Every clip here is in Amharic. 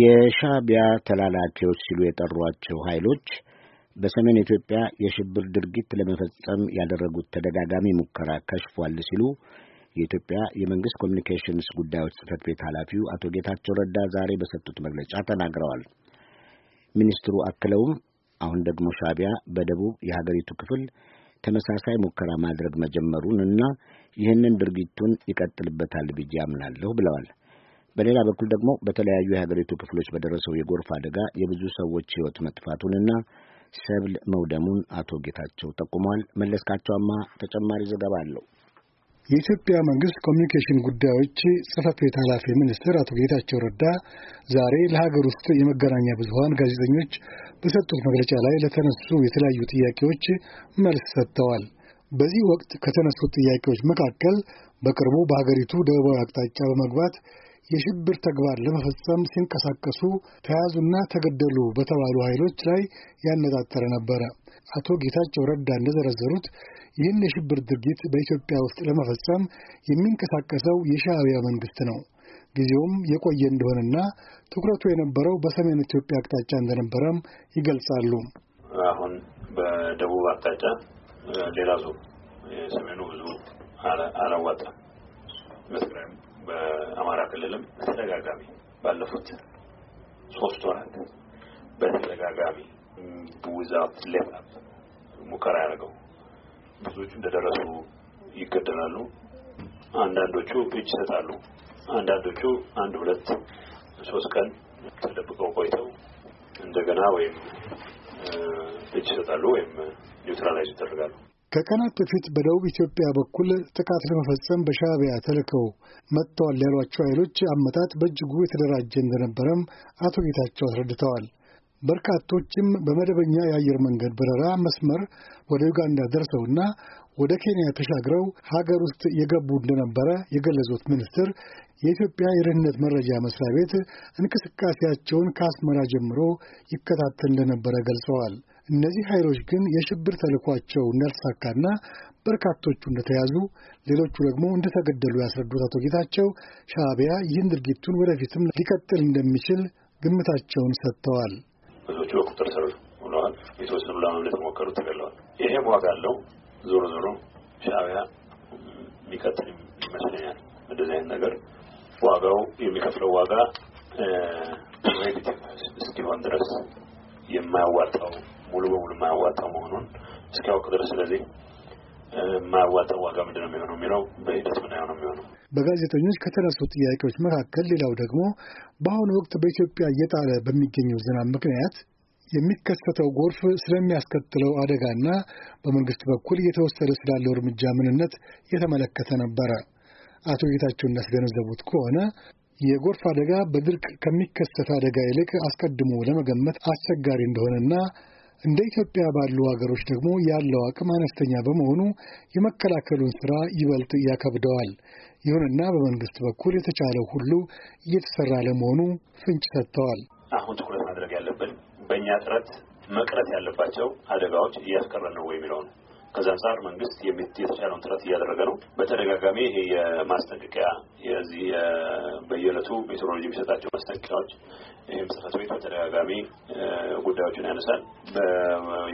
የሻቢያ ተላላኪዎች ሲሉ የጠሯቸው ኃይሎች በሰሜን ኢትዮጵያ የሽብር ድርጊት ለመፈጸም ያደረጉት ተደጋጋሚ ሙከራ ከሽፏል ሲሉ የኢትዮጵያ የመንግስት ኮሚኒኬሽንስ ጉዳዮች ጽህፈት ቤት ኃላፊው አቶ ጌታቸው ረዳ ዛሬ በሰጡት መግለጫ ተናግረዋል። ሚኒስትሩ አክለውም አሁን ደግሞ ሻቢያ በደቡብ የሀገሪቱ ክፍል ተመሳሳይ ሙከራ ማድረግ መጀመሩን እና ይህንን ድርጊቱን ይቀጥልበታል ብዬ አምናለሁ ብለዋል። በሌላ በኩል ደግሞ በተለያዩ የሀገሪቱ ክፍሎች በደረሰው የጎርፍ አደጋ የብዙ ሰዎች ሕይወት መጥፋቱንና ሰብል መውደሙን አቶ ጌታቸው ጠቁመዋል። መለስካቸውማ ተጨማሪ ዘገባ አለው። የኢትዮጵያ መንግስት ኮሚኒኬሽን ጉዳዮች ጽህፈት ቤት ኃላፊ ሚኒስትር አቶ ጌታቸው ረዳ ዛሬ ለሀገር ውስጥ የመገናኛ ብዙኃን ጋዜጠኞች በሰጡት መግለጫ ላይ ለተነሱ የተለያዩ ጥያቄዎች መልስ ሰጥተዋል። በዚህ ወቅት ከተነሱት ጥያቄዎች መካከል በቅርቡ በሀገሪቱ ደቡባዊ አቅጣጫ በመግባት የሽብር ተግባር ለመፈጸም ሲንቀሳቀሱ ተያዙና ተገደሉ በተባሉ ኃይሎች ላይ ያነጣጠረ ነበረ። አቶ ጌታቸው ረዳ እንደዘረዘሩት ይህን የሽብር ድርጊት በኢትዮጵያ ውስጥ ለመፈጸም የሚንቀሳቀሰው የሻዕቢያ መንግስት ነው። ጊዜውም የቆየ እንደሆነና ትኩረቱ የነበረው በሰሜን ኢትዮጵያ አቅጣጫ እንደነበረም ይገልጻሉ። አሁን በደቡብ አቅጣጫ ሌላ ዞ የሰሜኑ ብዙ አላዋጣም። በአማራ ክልልም በተደጋጋሚ ባለፉት ሶስት ወራት በተደጋጋሚ ዊዛውት ሌቭላፕ ሙከራ ያደርገው ብዙዎቹ እንደደረሱ ይገደላሉ። አንዳንዶቹ እጅ ይሰጣሉ። አንዳንዶቹ አንድ ሁለት ሶስት ቀን ተደብቀው ቆይተው እንደገና ወይም እጅ ይሰጣሉ ወይም ኒውትራላይዝ ይደረጋሉ። ከቀናት በፊት በደቡብ ኢትዮጵያ በኩል ጥቃት ለመፈጸም በሻዕቢያ ተልከው መጥተዋል ያሏቸው ኃይሎች አመጣጥ በእጅጉ የተደራጀ እንደነበረም አቶ ጌታቸው አስረድተዋል። በርካቶችም በመደበኛ የአየር መንገድ በረራ መስመር ወደ ዩጋንዳ ደርሰውና ወደ ኬንያ ተሻግረው ሀገር ውስጥ የገቡ እንደነበረ የገለጹት ሚኒስትር የኢትዮጵያ የደህንነት መረጃ መስሪያ ቤት እንቅስቃሴያቸውን ከአስመራ ጀምሮ ይከታተል እንደነበረ ገልጸዋል። እነዚህ ኃይሎች ግን የሽብር ተልኳቸው እንዳልተሳካና በርካቶቹ እንደተያዙ፣ ሌሎቹ ደግሞ እንደተገደሉ ያስረዱት አቶ ጌታቸው ሻዕቢያ ይህን ድርጊቱን ወደፊትም ሊቀጥል እንደሚችል ግምታቸውን ሰጥተዋል። ብዙዎቹ በቁጥር ስር ሆነዋል። የተወሰኑ ለማምለጥ የሞከሩ ተገለዋል። ይሄም ዋጋ አለው። ዞሮ ዞሮ ሻዕቢያ የሚቀጥል ይመስለኛል። እንደዚህ አይነት ነገር ዋጋው የሚከፍለው ዋጋ እስኪሆን ድረስ የማያዋጣው ሙሉ በሙሉ የማያዋጣው መሆኑን እስኪያውቅ ድረስ ስለዚህ የማያዋጣው ዋጋ ምንድን ነው የሚሆነው የሚለው በሂደት ምናየው ነው የሚሆነው። በጋዜጠኞች ከተነሱ ጥያቄዎች መካከል ሌላው ደግሞ በአሁኑ ወቅት በኢትዮጵያ እየጣለ በሚገኘው ዝናብ ምክንያት የሚከሰተው ጎርፍ ስለሚያስከትለው አደጋና በመንግስት በኩል እየተወሰደ ስላለው እርምጃ ምንነት የተመለከተ ነበረ። አቶ ጌታቸው እንዳስገነዘቡት ከሆነ የጎርፍ አደጋ በድርቅ ከሚከሰት አደጋ ይልቅ አስቀድሞ ለመገመት አስቸጋሪ እንደሆነና እንደ ኢትዮጵያ ባሉ አገሮች ደግሞ ያለው አቅም አነስተኛ በመሆኑ የመከላከሉን ስራ ይበልጥ ያከብደዋል። ይሁንና በመንግስት በኩል የተቻለው ሁሉ እየተሰራ ለመሆኑ ፍንጭ ሰጥተዋል። አሁን ትኩረት ማድረግ ያለብን በእኛ ጥረት መቅረት ያለባቸው አደጋዎች እያስቀረን ነው የሚለው ነው። ከዛ አንጻር መንግስት የተቻለውን ጥረት እያደረገ ነው። በተደጋጋሚ ይሄ የማስጠንቀቂያ የዚህ በየዕለቱ ሜትሮሎጂ የሚሰጣቸው ማስጠንቀቂያዎች ይህም ጽሕፈት ቤት በተደጋጋሚ ጉዳዮችን ያነሳል።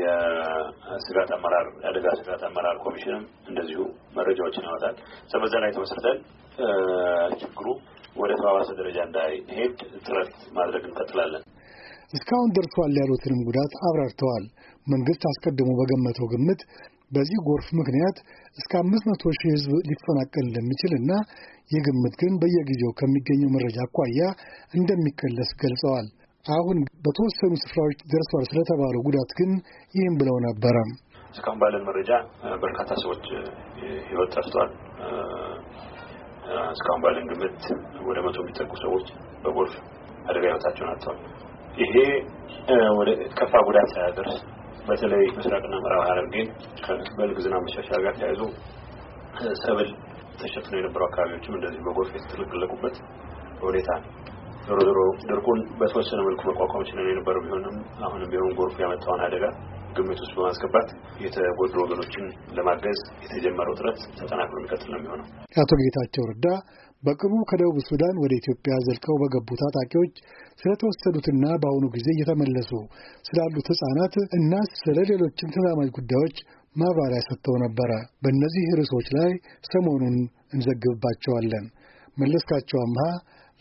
የስጋት አመራር የአደጋ ስጋት አመራር ኮሚሽንም እንደዚሁ መረጃዎችን ያወጣል። በዛ ላይ ተመስርተን ችግሩ ወደ ተባባሰ ደረጃ እንዳይሄድ ጥረት ማድረግ እንቀጥላለን። እስካሁን ደርሷል ያሉትንም ጉዳት አብራርተዋል። መንግስት አስቀድሞ በገመተው ግምት በዚህ ጎርፍ ምክንያት እስከ አምስት መቶ ሺህ ህዝብ ሊፈናቀል እንደሚችል እና ይህ ግምት ግን በየጊዜው ከሚገኘው መረጃ አኳያ እንደሚከለስ ገልጸዋል። አሁን በተወሰኑ ስፍራዎች ደርሷል ስለተባለው ጉዳት ግን ይህም ብለው ነበረ። እስካሁን ባለን መረጃ በርካታ ሰዎች ህይወት ጠፍቷል። እስካሁን ባለን ግምት ወደ መቶ የሚጠጉ ሰዎች በጎርፍ አደጋ ህይወታቸውን አጥተዋል። ይሄ ወደ ከፋ ጉዳት ሳያደርስ በተለይ ምስራቅና ምዕራብ ሐረርጌን ከበልግ ዝናብ መሻሻል ጋር ተያይዞ ሰብል ተሸፍነው የነበሩ አካባቢዎችም እንደዚህ በጎርፍ የተጥለቀለቁበት ሁኔታ ነው። ዞሮ ዞሮ ድርቁን በተወሰነ መልኩ መቋቋም ችለን የነበረ ቢሆንም አሁንም ቢሆን ጎርፍ ያመጣውን አደጋ ግምት ውስጥ በማስገባት የተጎዱ ወገኖችን ለማገዝ የተጀመረው ጥረት ተጠናክሮ የሚቀጥል ነው የሚሆነው። አቶ ጌታቸው ረዳ በቅርቡ ከደቡብ ሱዳን ወደ ኢትዮጵያ ዘልቀው በገቡ ታጣቂዎች ስለተወሰዱትና በአሁኑ ጊዜ እየተመለሱ ስላሉት ህጻናት እና ስለ ሌሎችም ተዛማጅ ጉዳዮች ማብራሪያ ሰጥተው ነበረ። በእነዚህ ርዕሶች ላይ ሰሞኑን እንዘግብባቸዋለን። መለስካቸው አምሃ